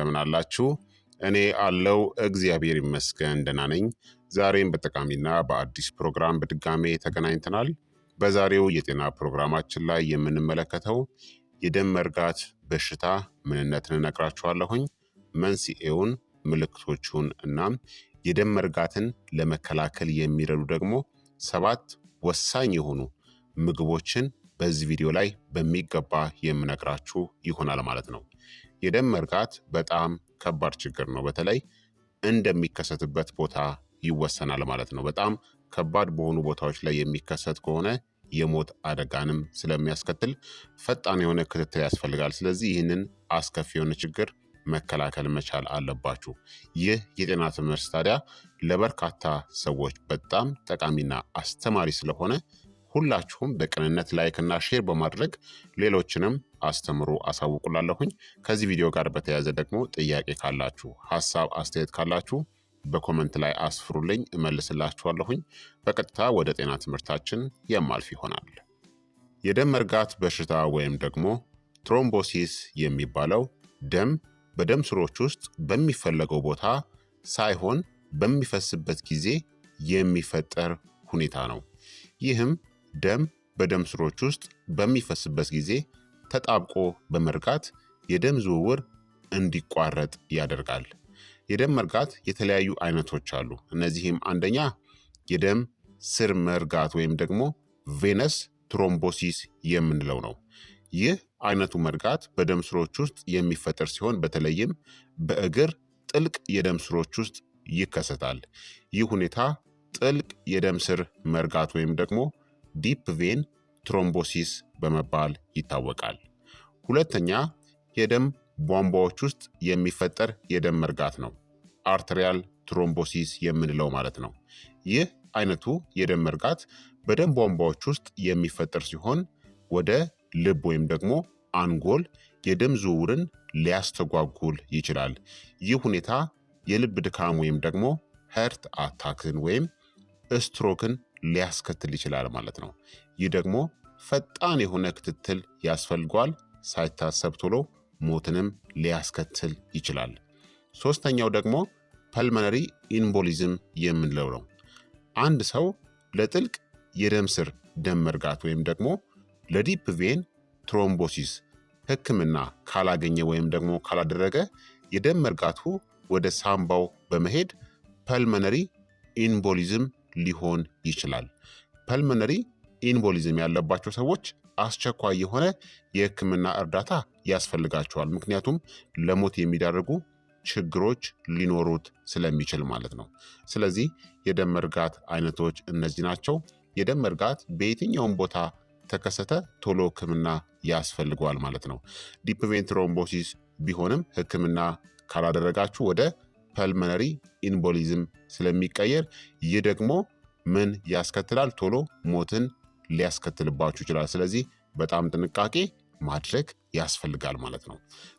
እንደምን አላችሁ? እኔ አለው እግዚአብሔር ይመስገን ደህና ነኝ። ዛሬም በጠቃሚና በአዲስ ፕሮግራም በድጋሜ ተገናኝተናል። በዛሬው የጤና ፕሮግራማችን ላይ የምንመለከተው የደም መርጋት በሽታ ምንነትን እነግራችኋለሁኝ። መንስኤውን፣ ምልክቶቹን እናም የደም መርጋትን ለመከላከል የሚረዱ ደግሞ ሰባት ወሳኝ የሆኑ ምግቦችን በዚህ ቪዲዮ ላይ በሚገባ የምነግራችሁ ይሆናል ማለት ነው። የደም መርጋት በጣም ከባድ ችግር ነው። በተለይ እንደሚከሰትበት ቦታ ይወሰናል ማለት ነው። በጣም ከባድ በሆኑ ቦታዎች ላይ የሚከሰት ከሆነ የሞት አደጋንም ስለሚያስከትል ፈጣን የሆነ ክትትል ያስፈልጋል። ስለዚህ ይህንን አስከፊ የሆነ ችግር መከላከል መቻል አለባችሁ። ይህ የጤና ትምህርት ታዲያ ለበርካታ ሰዎች በጣም ጠቃሚና አስተማሪ ስለሆነ ሁላችሁም በቅንነት ላይክና ሼር በማድረግ ሌሎችንም አስተምሮ አሳውቁላለሁኝ። ከዚህ ቪዲዮ ጋር በተያያዘ ደግሞ ጥያቄ ካላችሁ፣ ሀሳብ አስተያየት ካላችሁ በኮመንት ላይ አስፍሩልኝ፣ እመልስላችኋለሁኝ። በቀጥታ ወደ ጤና ትምህርታችን የማልፍ ይሆናል። የደም መርጋት በሽታ ወይም ደግሞ ትሮምቦሲስ የሚባለው ደም በደም ስሮች ውስጥ በሚፈለገው ቦታ ሳይሆን በሚፈስበት ጊዜ የሚፈጠር ሁኔታ ነው። ይህም ደም በደም ስሮች ውስጥ በሚፈስበት ጊዜ ተጣብቆ በመርጋት የደም ዝውውር እንዲቋረጥ ያደርጋል። የደም መርጋት የተለያዩ አይነቶች አሉ። እነዚህም አንደኛ የደም ስር መርጋት ወይም ደግሞ ቬነስ ትሮምቦሲስ የምንለው ነው። ይህ አይነቱ መርጋት በደም ስሮች ውስጥ የሚፈጠር ሲሆን በተለይም በእግር ጥልቅ የደም ስሮች ውስጥ ይከሰታል። ይህ ሁኔታ ጥልቅ የደም ስር መርጋት ወይም ደግሞ ዲፕ ቬን ትሮምቦሲስ በመባል ይታወቃል። ሁለተኛ የደም ቧንቧዎች ውስጥ የሚፈጠር የደም መርጋት ነው፣ አርተሪያል ትሮምቦሲስ የምንለው ማለት ነው። ይህ አይነቱ የደም መርጋት በደም ቧንቧዎች ውስጥ የሚፈጠር ሲሆን ወደ ልብ ወይም ደግሞ አንጎል የደም ዝውውርን ሊያስተጓጉል ይችላል። ይህ ሁኔታ የልብ ድካም ወይም ደግሞ ሄርት አታክን ወይም ስትሮክን ሊያስከትል ይችላል ማለት ነው። ይህ ደግሞ ፈጣን የሆነ ክትትል ያስፈልጓል። ሳይታሰብ ቶሎ ሞትንም ሊያስከትል ይችላል። ሶስተኛው ደግሞ ፐልመነሪ ኢምቦሊዝም የምንለው ነው። አንድ ሰው ለጥልቅ የደም ስር ደም መርጋት ወይም ደግሞ ለዲፕ ቬን ትሮምቦሲስ ሕክምና ካላገኘ ወይም ደግሞ ካላደረገ የደም መርጋቱ ወደ ሳምባው በመሄድ ፐልመነሪ ኢምቦሊዝም ሊሆን ይችላል። ፐልመነሪ ኢንቦሊዝም ያለባቸው ሰዎች አስቸኳይ የሆነ የህክምና እርዳታ ያስፈልጋቸዋል። ምክንያቱም ለሞት የሚዳርጉ ችግሮች ሊኖሩት ስለሚችል ማለት ነው። ስለዚህ የደም መርጋት አይነቶች እነዚህ ናቸው። የደም መርጋት በየትኛውም ቦታ ተከሰተ ቶሎ ህክምና ያስፈልገዋል ማለት ነው። ዲፕ ቬን ትሮምቦሲስ ቢሆንም ህክምና ካላደረጋችሁ ወደ ፐልመነሪ ኢንቦሊዝም ስለሚቀየር ይህ ደግሞ ምን ያስከትላል? ቶሎ ሞትን ሊያስከትልባችሁ ይችላል። ስለዚህ በጣም ጥንቃቄ ማድረግ ያስፈልጋል ማለት ነው።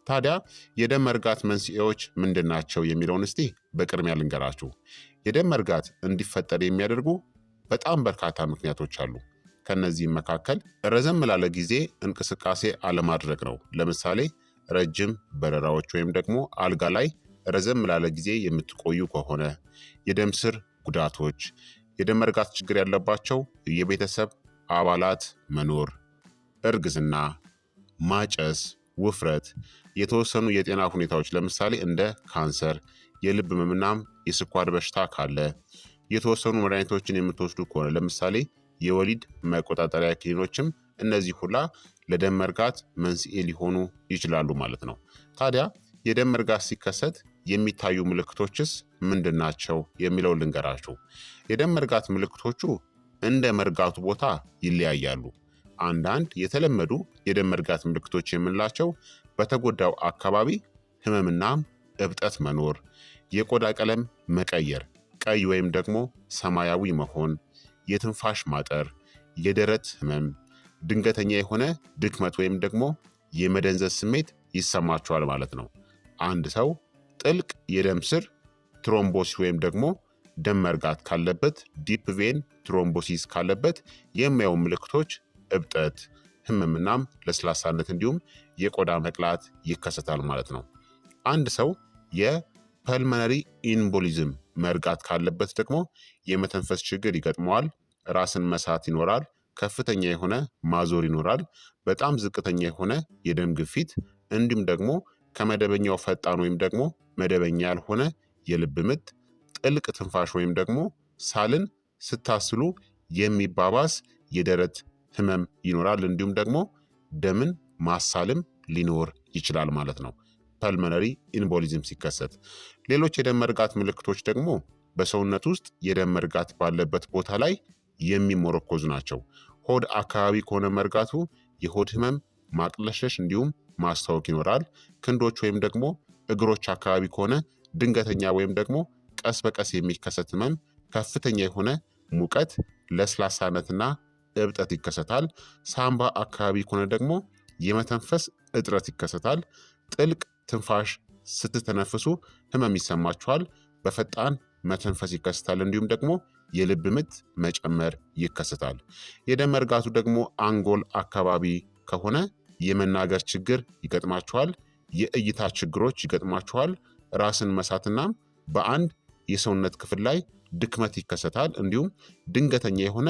ታዲያ የደም መርጋት መንስኤዎች ምንድን ናቸው የሚለውን እስቲ በቅድሚያ ልንገራችሁ። የደም መርጋት እንዲፈጠር የሚያደርጉ በጣም በርካታ ምክንያቶች አሉ። ከነዚህም መካከል ረዘም ላለ ጊዜ እንቅስቃሴ አለማድረግ ነው። ለምሳሌ ረጅም በረራዎች ወይም ደግሞ አልጋ ላይ ረዘም ላለ ጊዜ የምትቆዩ ከሆነ፣ የደም ስር ጉዳቶች፣ የደም መርጋት ችግር ያለባቸው የቤተሰብ አባላት መኖር፣ እርግዝና፣ ማጨስ፣ ውፍረት፣ የተወሰኑ የጤና ሁኔታዎች ለምሳሌ እንደ ካንሰር፣ የልብ ህመምናም የስኳር በሽታ ካለ፣ የተወሰኑ መድኃኒቶችን የምትወስዱ ከሆነ ለምሳሌ የወሊድ መቆጣጠሪያ ክኒኖችም፣ እነዚህ ሁላ ለደም መርጋት መንስኤ ሊሆኑ ይችላሉ ማለት ነው። ታዲያ የደም መርጋት ሲከሰት የሚታዩ ምልክቶችስ ምንድን ናቸው? የሚለው ልንገራችሁ። የደም መርጋት ምልክቶቹ እንደ መርጋቱ ቦታ ይለያያሉ። አንዳንድ የተለመዱ የደም መርጋት ምልክቶች የምንላቸው በተጎዳው አካባቢ ህመምናም እብጠት መኖር፣ የቆዳ ቀለም መቀየር፣ ቀይ ወይም ደግሞ ሰማያዊ መሆን፣ የትንፋሽ ማጠር፣ የደረት ህመም፣ ድንገተኛ የሆነ ድክመት ወይም ደግሞ የመደንዘዝ ስሜት ይሰማቸዋል ማለት ነው። አንድ ሰው ጥልቅ የደም ስር ትሮምቦሲ ወይም ደግሞ ደም መርጋት ካለበት፣ ዲፕ ቬን ትሮምቦሲስ ካለበት የሚያዩ ምልክቶች እብጠት፣ ህመምናም ለስላሳነት እንዲሁም የቆዳ መቅላት ይከሰታል ማለት ነው። አንድ ሰው የፐልመነሪ ኢምቦሊዝም መርጋት ካለበት ደግሞ የመተንፈስ ችግር ይገጥመዋል። ራስን መሳት ይኖራል። ከፍተኛ የሆነ ማዞር ይኖራል። በጣም ዝቅተኛ የሆነ የደም ግፊት እንዲሁም ደግሞ ከመደበኛው ፈጣን ወይም ደግሞ መደበኛ ያልሆነ የልብ ምት ጥልቅ ትንፋሽ ወይም ደግሞ ሳልን ስታስሉ የሚባባስ የደረት ህመም ይኖራል። እንዲሁም ደግሞ ደምን ማሳልም ሊኖር ይችላል ማለት ነው ፐልመነሪ ኢምቦሊዝም ሲከሰት። ሌሎች የደም መርጋት ምልክቶች ደግሞ በሰውነት ውስጥ የደም መርጋት ባለበት ቦታ ላይ የሚሞረኮዙ ናቸው። ሆድ አካባቢ ከሆነ መርጋቱ የሆድ ህመም፣ ማቅለሸሽ እንዲሁም ማስታወክ ይኖራል። ክንዶች ወይም ደግሞ እግሮች አካባቢ ከሆነ ድንገተኛ ወይም ደግሞ ቀስ በቀስ የሚከሰት ህመም፣ ከፍተኛ የሆነ ሙቀት፣ ለስላሳነትና እብጠት ይከሰታል። ሳምባ አካባቢ ከሆነ ደግሞ የመተንፈስ እጥረት ይከሰታል። ጥልቅ ትንፋሽ ስትተነፍሱ ህመም ይሰማችኋል። በፈጣን መተንፈስ ይከሰታል። እንዲሁም ደግሞ የልብ ምት መጨመር ይከሰታል። የደም መርጋቱ ደግሞ አንጎል አካባቢ ከሆነ የመናገር ችግር ይገጥማችኋል። የእይታ ችግሮች ይገጥማችኋል። ራስን መሳትናም በአንድ የሰውነት ክፍል ላይ ድክመት ይከሰታል። እንዲሁም ድንገተኛ የሆነ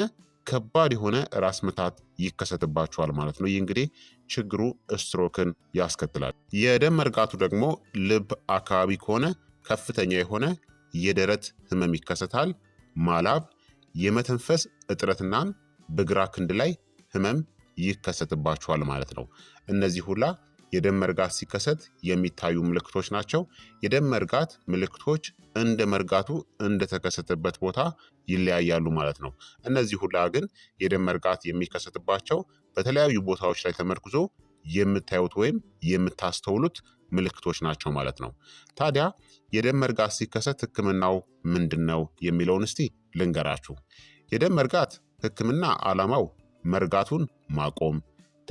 ከባድ የሆነ ራስ ምታት ይከሰትባቸዋል ማለት ነው። ይህ እንግዲህ ችግሩ ስትሮክን ያስከትላል። የደም መርጋቱ ደግሞ ልብ አካባቢ ከሆነ ከፍተኛ የሆነ የደረት ህመም ይከሰታል። ማላብ፣ የመተንፈስ እጥረትናም በግራ ክንድ ላይ ህመም ይከሰትባቸዋል ማለት ነው። እነዚህ ሁላ የደም መርጋት ሲከሰት የሚታዩ ምልክቶች ናቸው። የደም መርጋት ምልክቶች እንደ መርጋቱ እንደተከሰተበት ቦታ ይለያያሉ ማለት ነው። እነዚህ ሁላ ግን የደም መርጋት የሚከሰትባቸው በተለያዩ ቦታዎች ላይ ተመርኩዞ የምታዩት ወይም የምታስተውሉት ምልክቶች ናቸው ማለት ነው። ታዲያ የደም መርጋት ሲከሰት ህክምናው ምንድን ነው የሚለውን እስቲ ልንገራችሁ። የደም መርጋት ህክምና ዓላማው መርጋቱን ማቆም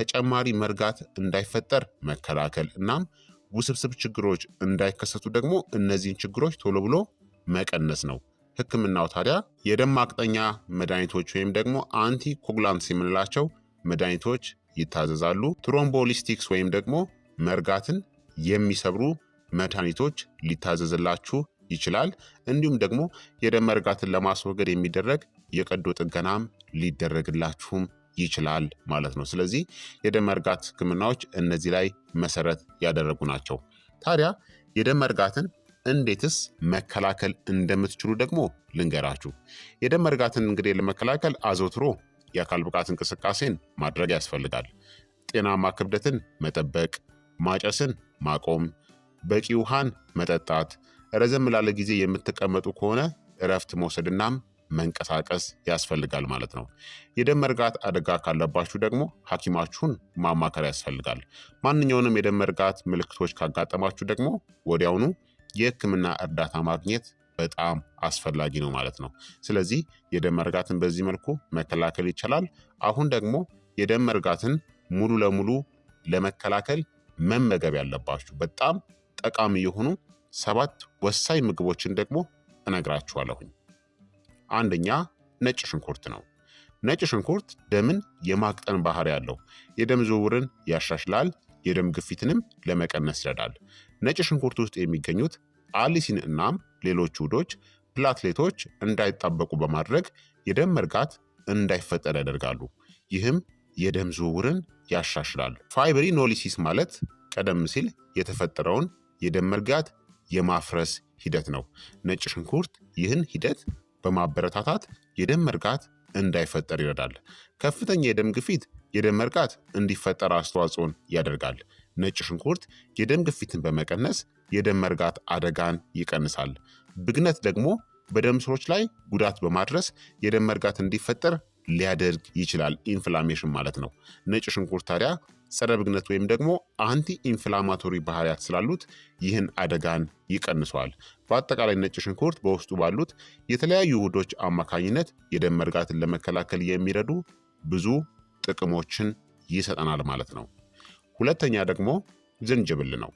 ተጨማሪ መርጋት እንዳይፈጠር መከላከል እናም ውስብስብ ችግሮች እንዳይከሰቱ ደግሞ እነዚህን ችግሮች ቶሎ ብሎ መቀነስ ነው። ህክምናው ታዲያ የደም ማቅጠኛ መድኃኒቶች ወይም ደግሞ አንቲ ኮግላንት የምንላቸው መድኃኒቶች ይታዘዛሉ። ትሮምቦሊስቲክስ ወይም ደግሞ መርጋትን የሚሰብሩ መድኃኒቶች ሊታዘዝላችሁ ይችላል። እንዲሁም ደግሞ የደም መርጋትን ለማስወገድ የሚደረግ የቀዶ ጥገናም ሊደረግላችሁም ይችላል ማለት ነው። ስለዚህ የደም መርጋት ህክምናዎች እነዚህ ላይ መሰረት ያደረጉ ናቸው። ታዲያ የደም መርጋትን እንዴትስ መከላከል እንደምትችሉ ደግሞ ልንገራችሁ። የደም መርጋትን እንግዲህ ለመከላከል አዘውትሮ የአካል ብቃት እንቅስቃሴን ማድረግ ያስፈልጋል። ጤናማ ክብደትን መጠበቅ፣ ማጨስን ማቆም፣ በቂ ውሃን መጠጣት፣ ረዘም ላለ ጊዜ የምትቀመጡ ከሆነ እረፍት መውሰድናም መንቀሳቀስ ያስፈልጋል ማለት ነው። የደም መርጋት አደጋ ካለባችሁ ደግሞ ሐኪማችሁን ማማከር ያስፈልጋል። ማንኛውንም የደም መርጋት ምልክቶች ካጋጠማችሁ ደግሞ ወዲያውኑ የህክምና እርዳታ ማግኘት በጣም አስፈላጊ ነው ማለት ነው። ስለዚህ የደም መርጋትን በዚህ መልኩ መከላከል ይቻላል። አሁን ደግሞ የደም መርጋትን ሙሉ ለሙሉ ለመከላከል መመገብ ያለባችሁ በጣም ጠቃሚ የሆኑ ሰባት ወሳኝ ምግቦችን ደግሞ እነግራችኋለሁኝ። አንደኛ ነጭ ሽንኩርት ነው። ነጭ ሽንኩርት ደምን የማቅጠን ባህሪ ያለው፣ የደም ዝውውርን ያሻሽላል፣ የደም ግፊትንም ለመቀነስ ይረዳል። ነጭ ሽንኩርት ውስጥ የሚገኙት አሊሲን እናም ሌሎች ውህዶች ፕላትሌቶች እንዳይጣበቁ በማድረግ የደም መርጋት እንዳይፈጠር ያደርጋሉ። ይህም የደም ዝውውርን ያሻሽላል። ኖሊሲስ ማለት ቀደም ሲል የተፈጠረውን የደም መርጋት የማፍረስ ሂደት ነው። ነጭ ሽንኩርት ይህን ሂደት በማበረታታት የደም መርጋት እንዳይፈጠር ይረዳል። ከፍተኛ የደም ግፊት የደም መርጋት እንዲፈጠር አስተዋጽኦን ያደርጋል። ነጭ ሽንኩርት የደም ግፊትን በመቀነስ የደም መርጋት አደጋን ይቀንሳል። ብግነት ደግሞ በደም ስሮች ላይ ጉዳት በማድረስ የደም መርጋት እንዲፈጠር ሊያደርግ ይችላል። ኢንፍላሜሽን ማለት ነው። ነጭ ሽንኩርት ታዲያ ሰረብግነት ወይም ደግሞ አንቲ ኢንፍላማቶሪ ባህሪያት ስላሉት ይህን አደጋን ይቀንሰዋል። በአጠቃላይ ነጭ ሽንኩርት በውስጡ ባሉት የተለያዩ ውህዶች አማካኝነት የደም መርጋትን ለመከላከል የሚረዱ ብዙ ጥቅሞችን ይሰጠናል ማለት ነው። ሁለተኛ ደግሞ ዝንጅብል ነው።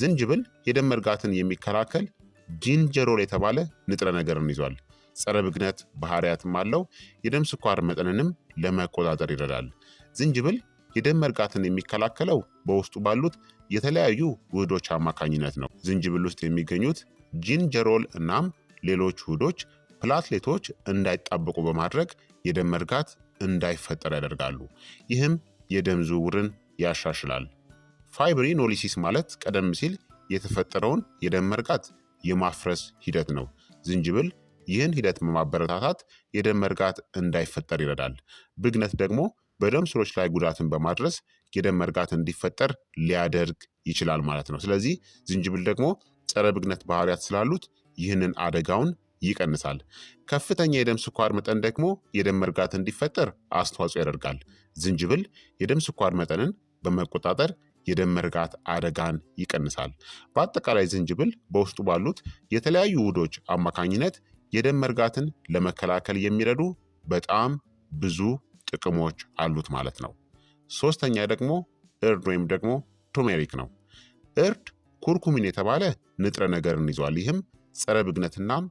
ዝንጅብል የደም መርጋትን የሚከላከል ጂንጀሮል የተባለ ንጥረ ነገርን ይዟል። ጸረ ብግነት ባህሪያትም አለው። የደም ስኳር መጠንንም ለመቆጣጠር ይረዳል። ዝንጅብል የደም መርጋትን የሚከላከለው በውስጡ ባሉት የተለያዩ ውህዶች አማካኝነት ነው። ዝንጅብል ውስጥ የሚገኙት ጂንጀሮል እናም ሌሎች ውህዶች ፕላትሌቶች እንዳይጣበቁ በማድረግ የደም መርጋት እንዳይፈጠር ያደርጋሉ። ይህም የደም ዝውውርን ያሻሽላል። ፋይብሪኖሊሲስ ማለት ቀደም ሲል የተፈጠረውን የደም መርጋት የማፍረስ ሂደት ነው። ዝንጅብል ይህን ሂደት በማበረታታት የደም መርጋት እንዳይፈጠር ይረዳል። ብግነት ደግሞ በደም ስሮች ላይ ጉዳትን በማድረስ የደም መርጋት እንዲፈጠር ሊያደርግ ይችላል ማለት ነው። ስለዚህ ዝንጅብል ደግሞ ጸረ ብግነት ባህሪያት ስላሉት ይህንን አደጋውን ይቀንሳል። ከፍተኛ የደም ስኳር መጠን ደግሞ የደም መርጋት እንዲፈጠር አስተዋጽኦ ያደርጋል። ዝንጅብል የደም ስኳር መጠንን በመቆጣጠር የደም መርጋት አደጋን ይቀንሳል። በአጠቃላይ ዝንጅብል በውስጡ ባሉት የተለያዩ ውህዶች አማካኝነት የደም መርጋትን ለመከላከል የሚረዱ በጣም ብዙ ጥቅሞች አሉት ማለት ነው። ሶስተኛ ደግሞ እርድ ወይም ደግሞ ቱሜሪክ ነው። እርድ ኩርኩሚን የተባለ ንጥረ ነገርን ይዟል። ይህም ጸረ ብግነትናም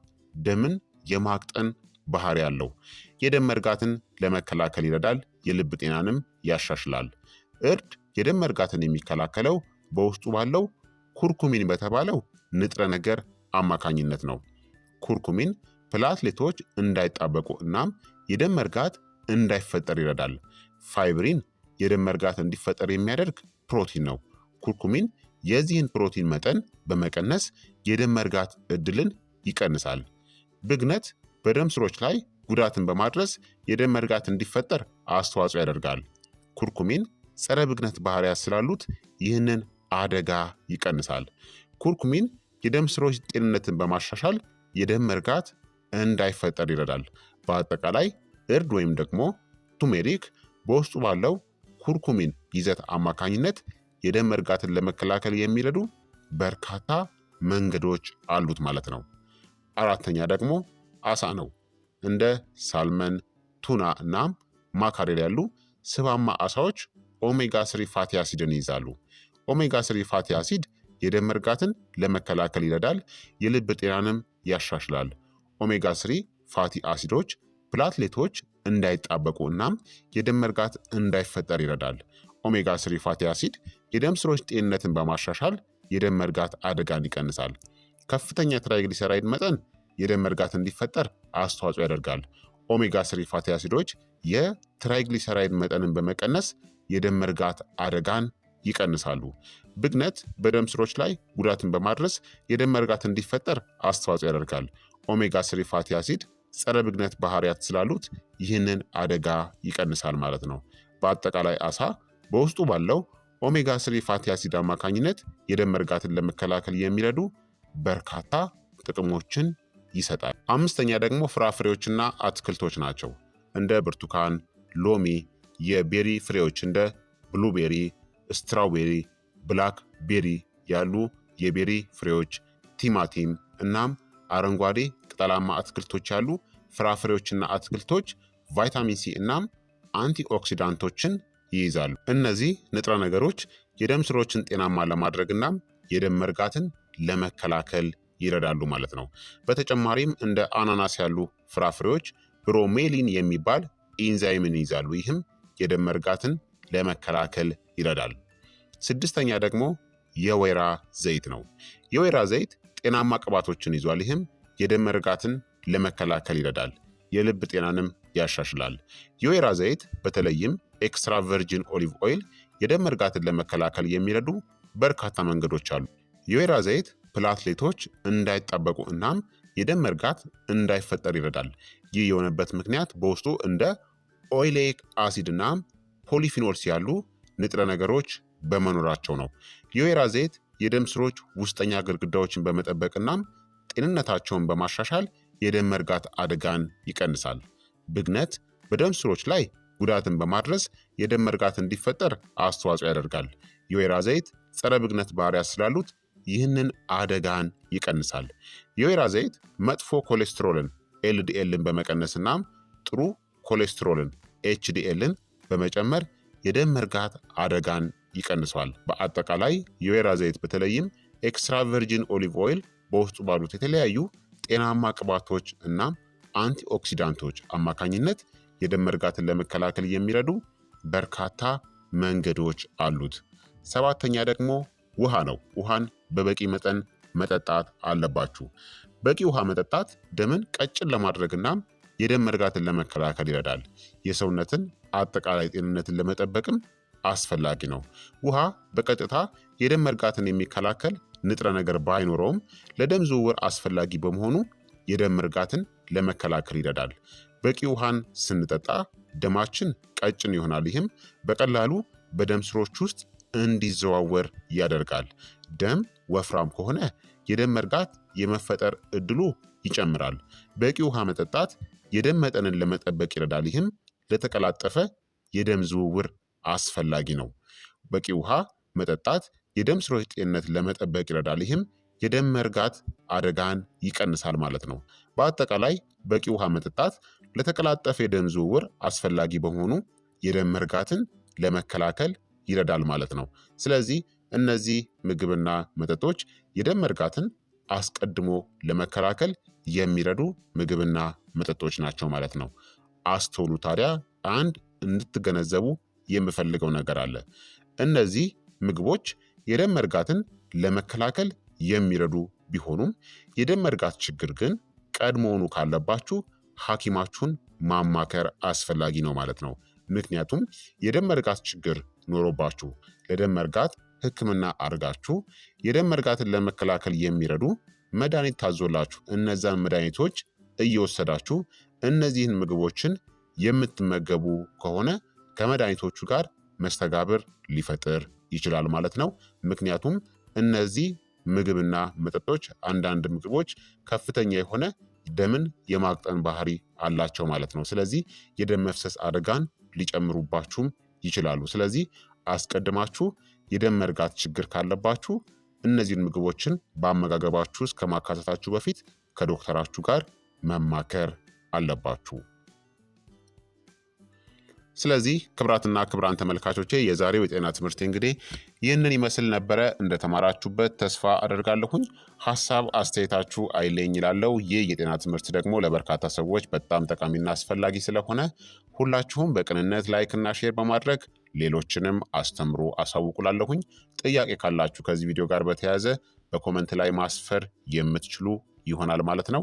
ደምን የማቅጠን ባህሪ አለው። የደም መርጋትን ለመከላከል ይረዳል። የልብ ጤናንም ያሻሽላል። እርድ የደም መርጋትን የሚከላከለው በውስጡ ባለው ኩርኩሚን በተባለው ንጥረ ነገር አማካኝነት ነው። ኩርኩሚን ፕላትሌቶች እንዳይጣበቁ እናም የደም መርጋት እንዳይፈጠር ይረዳል። ፋይብሪን የደም መርጋት እንዲፈጠር የሚያደርግ ፕሮቲን ነው። ኩርኩሚን የዚህን ፕሮቲን መጠን በመቀነስ የደም መርጋት እድልን ይቀንሳል። ብግነት በደም ስሮች ላይ ጉዳትን በማድረስ የደም መርጋት እንዲፈጠር አስተዋጽኦ ያደርጋል። ኩርኩሚን ጸረ ብግነት ባህሪያት ስላሉት ይህንን አደጋ ይቀንሳል። ኩርኩሚን የደም ስሮች ጤንነትን በማሻሻል የደም መርጋት እንዳይፈጠር ይረዳል። በአጠቃላይ እርድ ወይም ደግሞ ቱሜሪክ በውስጡ ባለው ኩርኩሚን ይዘት አማካኝነት የደም እርጋትን ለመከላከል የሚረዱ በርካታ መንገዶች አሉት ማለት ነው። አራተኛ ደግሞ አሳ ነው። እንደ ሳልመን፣ ቱና እናም ማካሬል ያሉ ስባማ አሳዎች ኦሜጋ ስሪ ፋቲ አሲድን ይይዛሉ። ኦሜጋ ስሪ ፋቲ አሲድ የደም እርጋትን ለመከላከል ይረዳል፣ የልብ ጤናንም ያሻሽላል። ኦሜጋ ስሪ ፋቲ አሲዶች ፕላትሌቶች እንዳይጣበቁ እናም የደም መርጋት እንዳይፈጠር ይረዳል። ኦሜጋ ስሪ ፋቲ አሲድ የደም ስሮች ጤንነትን በማሻሻል የደም መርጋት አደጋን ይቀንሳል። ከፍተኛ ትራይግሊሰራይድ መጠን የደም መርጋት እንዲፈጠር አስተዋጽኦ ያደርጋል። ኦሜጋ ስሪ ፋቲ አሲዶች የትራይግሊሰራይድ መጠንን በመቀነስ የደም መርጋት አደጋን ይቀንሳሉ። ብግነት በደም ስሮች ላይ ጉዳትን በማድረስ የደም መርጋት እንዲፈጠር አስተዋጽኦ ያደርጋል። ኦሜጋ ስሪ ፋቲ አሲድ ጸረ ብግነት ባህሪያት ስላሉት ይህንን አደጋ ይቀንሳል ማለት ነው። በአጠቃላይ አሳ በውስጡ ባለው ኦሜጋ ስሪ ፋቲ አሲድ አማካኝነት የደም መርጋትን ለመከላከል የሚረዱ በርካታ ጥቅሞችን ይሰጣል። አምስተኛ ደግሞ ፍራፍሬዎችና አትክልቶች ናቸው። እንደ ብርቱካን፣ ሎሚ፣ የቤሪ ፍሬዎች እንደ ብሉቤሪ፣ ስትራውቤሪ፣ ብላክ ቤሪ ያሉ የቤሪ ፍሬዎች፣ ቲማቲም እናም አረንጓዴ ቅጠላማ አትክልቶች ያሉ ፍራፍሬዎችና አትክልቶች ቫይታሚን ሲ እናም አንቲ ኦክሲዳንቶችን ይይዛሉ። እነዚህ ንጥረ ነገሮች የደም ስሮችን ጤናማ ለማድረግ እናም የደም መርጋትን ለመከላከል ይረዳሉ ማለት ነው። በተጨማሪም እንደ አናናስ ያሉ ፍራፍሬዎች ብሮሜሊን የሚባል ኢንዛይምን ይይዛሉ። ይህም የደም መርጋትን ለመከላከል ይረዳል። ስድስተኛ ደግሞ የወይራ ዘይት ነው። የወይራ ዘይት ጤናማ ቅባቶችን ይዟል። ይህም የደም መርጋትን ለመከላከል ይረዳል፣ የልብ ጤናንም ያሻሽላል። የወይራ ዘይት በተለይም ኤክስትራ ቨርጂን ኦሊቭ ኦይል የደም መርጋትን ለመከላከል የሚረዱ በርካታ መንገዶች አሉ። የወይራ ዘይት ፕላትሌቶች እንዳይጣበቁ እናም የደም መርጋት እንዳይፈጠር ይረዳል። ይህ የሆነበት ምክንያት በውስጡ እንደ ኦይሌክ አሲድ እናም ፖሊፊኖልስ ያሉ ንጥረ ነገሮች በመኖራቸው ነው። የወይራ ዘይት የደም ስሮች ውስጠኛ ግድግዳዎችን በመጠበቅ እናም ጤንነታቸውን በማሻሻል የደም መርጋት አደጋን ይቀንሳል። ብግነት በደም ስሮች ላይ ጉዳትን በማድረስ የደም መርጋት እንዲፈጠር አስተዋጽኦ ያደርጋል። የወይራ ዘይት ጸረ ብግነት ባህሪያት ስላሉት ይህንን አደጋን ይቀንሳል። የወይራ ዘይት መጥፎ ኮሌስትሮልን ኤልዲኤልን በመቀነስ ጥሩ ኮሌስትሮልን ኤችዲኤልን በመጨመር የደም መርጋት አደጋን ይቀንሰዋል። በአጠቃላይ የወይራ ዘይት በተለይም ኤክስትራ ቨርጂን ኦሊቭ ኦይል በውስጡ ባሉት የተለያዩ ጤናማ ቅባቶች እናም አንቲ ኦክሲዳንቶች አማካኝነት የደም መርጋትን ለመከላከል የሚረዱ በርካታ መንገዶች አሉት። ሰባተኛ ደግሞ ውሃ ነው። ውሃን በበቂ መጠን መጠጣት አለባችሁ። በቂ ውሃ መጠጣት ደምን ቀጭን ለማድረግ እናም የደም መርጋትን ለመከላከል ይረዳል። የሰውነትን አጠቃላይ ጤንነትን ለመጠበቅም አስፈላጊ ነው። ውሃ በቀጥታ የደም መርጋትን የሚከላከል ንጥረ ነገር ባይኖረውም ለደም ዝውውር አስፈላጊ በመሆኑ የደም መርጋትን ለመከላከል ይረዳል። በቂ ውሃን ስንጠጣ ደማችን ቀጭን ይሆናል። ይህም በቀላሉ በደም ስሮች ውስጥ እንዲዘዋወር ያደርጋል። ደም ወፍራም ከሆነ የደም መርጋት የመፈጠር እድሉ ይጨምራል። በቂ ውሃ መጠጣት የደም መጠንን ለመጠበቅ ይረዳል። ይህም ለተቀላጠፈ የደም ዝውውር አስፈላጊ ነው። በቂ ውሃ መጠጣት የደም ስሮች ጤንነት ለመጠበቅ ይረዳል። ይህም የደም መርጋት አደጋን ይቀንሳል ማለት ነው። በአጠቃላይ በቂ ውሃ መጠጣት ለተቀላጠፈ የደም ዝውውር አስፈላጊ በመሆኑ የደም መርጋትን ለመከላከል ይረዳል ማለት ነው። ስለዚህ እነዚህ ምግብና መጠጦች የደም መርጋትን አስቀድሞ ለመከላከል የሚረዱ ምግብና መጠጦች ናቸው ማለት ነው። አስተውሉ ታዲያ አንድ እንድትገነዘቡ የምፈልገው ነገር አለ። እነዚህ ምግቦች የደም መርጋትን ለመከላከል የሚረዱ ቢሆኑም የደም መርጋት ችግር ግን ቀድሞውኑ ካለባችሁ ሐኪማችሁን ማማከር አስፈላጊ ነው ማለት ነው። ምክንያቱም የደም መርጋት ችግር ኖሮባችሁ ለደም መርጋት ሕክምና አድርጋችሁ የደም መርጋትን ለመከላከል የሚረዱ መድኃኒት ታዞላችሁ እነዛን መድኃኒቶች እየወሰዳችሁ እነዚህን ምግቦችን የምትመገቡ ከሆነ ከመድኃኒቶቹ ጋር መስተጋብር ሊፈጥር ይችላል ማለት ነው። ምክንያቱም እነዚህ ምግብና መጠጦች አንዳንድ ምግቦች ከፍተኛ የሆነ ደምን የማቅጠን ባህሪ አላቸው ማለት ነው። ስለዚህ የደም መፍሰስ አደጋን ሊጨምሩባችሁም ይችላሉ። ስለዚህ አስቀድማችሁ የደም መርጋት ችግር ካለባችሁ እነዚህን ምግቦችን በአመጋገባችሁ ውስጥ ከማካተታችሁ በፊት ከዶክተራችሁ ጋር መማከር አለባችሁ። ስለዚህ ክብራትና ክብራን ተመልካቾቼ የዛሬው የጤና ትምህርት እንግዲህ ይህንን ይመስል ነበረ። እንደተማራችሁበት ተስፋ አደርጋለሁኝ። ሀሳብ አስተያየታችሁ አይለኝ ይላለው። ይህ የጤና ትምህርት ደግሞ ለበርካታ ሰዎች በጣም ጠቃሚና አስፈላጊ ስለሆነ ሁላችሁም በቅንነት ላይክና ሼር በማድረግ ሌሎችንም አስተምሩ አሳውቁላለሁኝ። ጥያቄ ካላችሁ ከዚህ ቪዲዮ ጋር በተያያዘ በኮመንት ላይ ማስፈር የምትችሉ ይሆናል ማለት ነው።